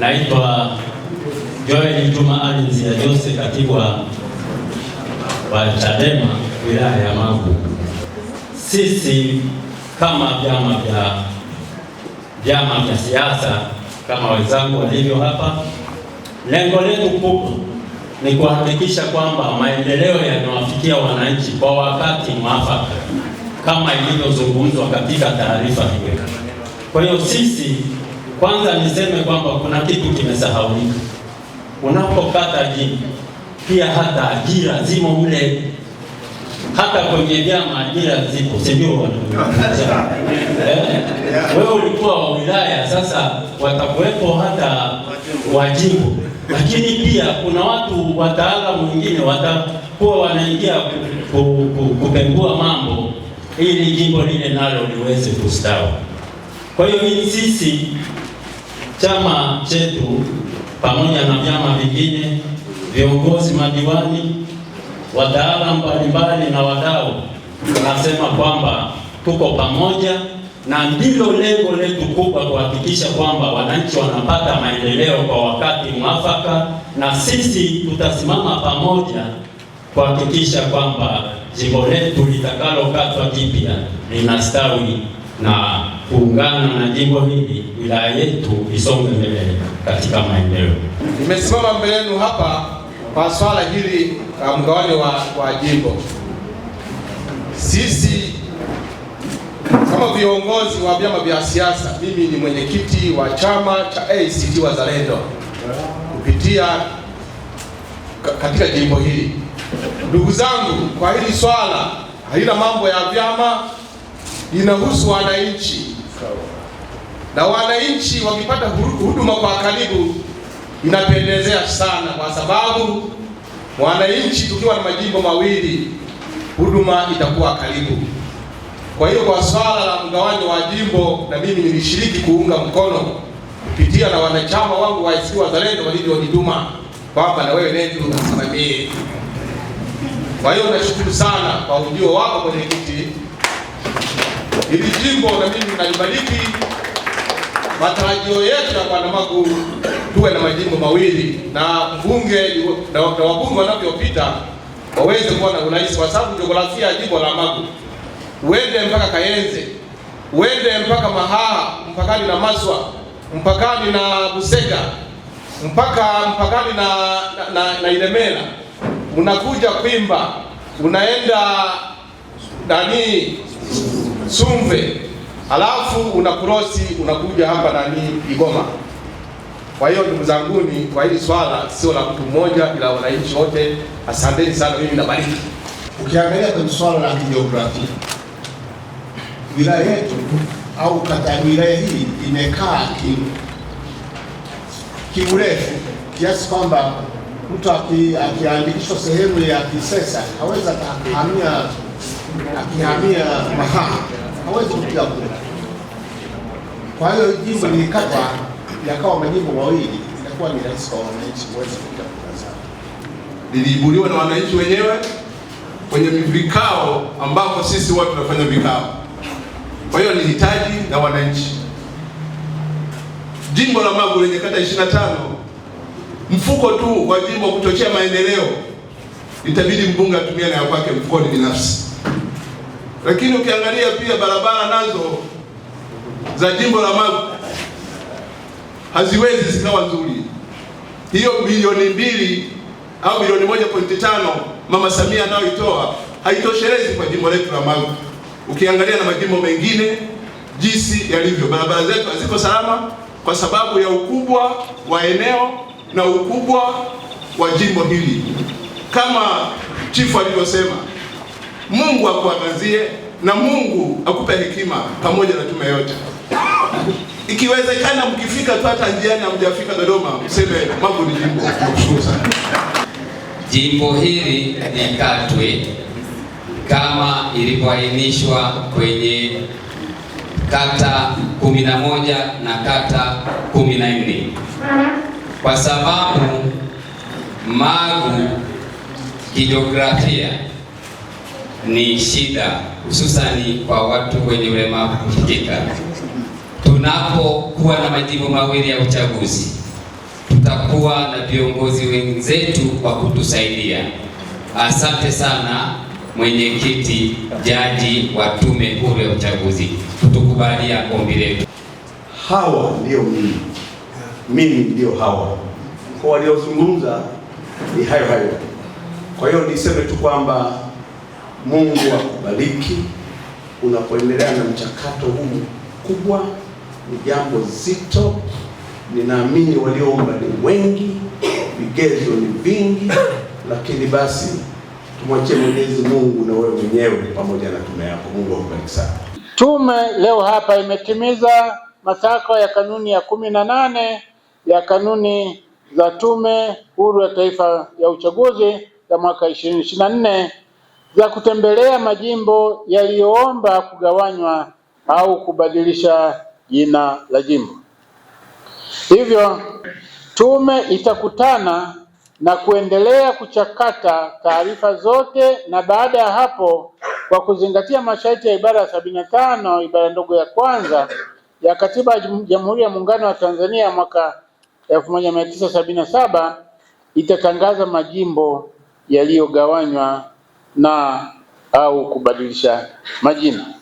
Naitwa Joel Juma Alinzi ya Jose, katibu wa Chadema wilaya ya Magu. Sisi kama vyama vya vyama vya siasa kama wenzangu walivyo hapa, lengo letu kubwa ni kuhakikisha kwamba maendeleo yanawafikia wananchi kwa wakati mwafaka kama ilivyozungumzwa katika taarifa hiyo. Kwa hiyo sisi kwanza niseme kwamba kuna kitu kimesahaulika. Unapopata jini, pia hata ajira zimo mle, hata kwenye vyama ajira zipo, si ndio? Eh? Wewe ulikuwa wa wilaya, sasa watakuwepo hata wajimbo, lakini pia kuna watu wataalamu wengine watakuwa wanaingia kupengua mambo ili jimbo lile nalo liweze kustawi. Kwa hiyo sisi chama chetu pamoja na vyama vingine, viongozi, madiwani, wataalamu mbalimbali na wadau, tunasema kwamba tuko pamoja na ndilo lengo letu kubwa, kuhakikisha kwamba wananchi wanapata maendeleo kwa wakati mwafaka, na sisi tutasimama pamoja kuhakikisha kwamba jimbo letu litakalokatwa jipya linastawi na kuungana na jimbo hili, wilaya yetu isonge mbele katika maendeleo. Nimesimama mbele yenu hapa kwa swala hili la mgawanyo wa, wa jimbo. Sisi kama viongozi wa vyama vya siasa, mimi ni mwenyekiti wa chama cha ACT Wazalendo kupitia katika jimbo hili. Ndugu zangu, kwa hili swala halina mambo ya vyama, linahusu wananchi na wananchi wakipata huduma kwa karibu inapendezea sana, kwa sababu wananchi tukiwa na majimbo mawili huduma itakuwa karibu. Kwa hiyo kwa swala la mgawanyo wa jimbo, na mimi nilishiriki kuunga mkono kupitia na wanachama wangu wa ACT Wazalendo walivyonituma kwamba na wewe nenda unasimamie. Kwa hiyo nashukuru sana kwa ujio wako mwenyekiti. Hili jimbo na mimi nalibariki. Matarajio yetu ya magu tuwe na majimbo mawili na mbunge na wabunge wanavyopita waweze kuwa na urais, kwa sababu jiografia ya jimbo la Magu uende mpaka Kayenze, uende mpaka Mahaha, mpakani na Maswa, mpakani na Busega, mpaka mpakani na, na, na, na Ilemela, unakuja Kwimba, unaenda nani Sumve, halafu unakurosi unakuja hapa nani Igoma. Kwa hiyo ndugu zanguni, kwa hili swala sio la mtu mmoja, ila wananchi wote. Asanteni sana, mimi nabariki. Ukiangalia kwenye swala la kijiografia, wilaya yetu au kata ya wilaya hii imekaa kiurefu kiasi kwamba mtu akiandikishwa sehemu ya Kisesa hawezi akahamia akihamia mahali hawezi kupiga kura. Kwa hiyo jimbo lilikatwa yakawa majimbo mawili, ni rahisi kwa wananchi kupiga kura zao. Liliibuliwa na wananchi wenyewe kwenye vikao ambapo sisi watu tunafanya vikao. Kwa hiyo ni hitaji la wananchi. Jimbo la Magu lenye kata 25 mfuko tu wa jimbo kuchochea maendeleo, itabidi mbunge atumie na ya kwake mfukoni binafsi. Lakini ukiangalia pia barabara nazo za jimbo la Magu haziwezi zikawa nzuri. Hiyo milioni mbili au milioni moja pointi tano Mama Samia anayoitoa haitoshelezi kwa jimbo letu la Magu, ukiangalia na majimbo mengine jinsi yalivyo. Barabara zetu haziko salama kwa sababu ya ukubwa wa eneo na ukubwa wa jimbo hili, kama chifu alivyosema. Mungu akuangazie na Mungu akupe hekima pamoja na tume yote. Ikiwezekana mkifika tu hata njiani hamjafika Dodoma, mseme mambo ni jimbo. Tunashukuru sana. Jimbo hili ni Katwe kama ilivyoainishwa kwenye kata 11 na kata 14 kwa sababu Magu kijiografia ni shida, hususani kwa watu wenye ulemavu kufikika. Tunapokuwa na majimbo mawili ya uchaguzi, tutakuwa na viongozi wenzetu wa kutusaidia. Asante sana mwenyekiti, jaji wa Tume Huru ya Uchaguzi kutukubalia ombi letu. Hawa ndio mimi, mimi ndio hawa, kwa waliozungumza ni hayo hayo. Kwa hiyo niseme tu kwamba Mungu akubariki unapoendelea na mchakato huu mkubwa. Ni jambo zito, ninaamini walioomba ni wengi, vigezo ni vingi, lakini basi tumwachie Mwenyezi Mungu na wewe mwenyewe pamoja na tume yako. Mungu akubariki sana. Tume leo hapa imetimiza matakwa ya kanuni ya kumi na nane ya kanuni za Tume Huru ya Taifa ya Uchaguzi ya mwaka 2024 za kutembelea majimbo yaliyoomba kugawanywa au kubadilisha jina la jimbo. Hivyo tume itakutana na kuendelea kuchakata taarifa zote, na baada ya hapo, kwa kuzingatia masharti ya ibara ya sabini na tano ibara ndogo ya kwanza ya Katiba ya Jamhuri ya Muungano wa Tanzania mwaka 1977 itatangaza majimbo yaliyogawanywa na au kubadilisha majina.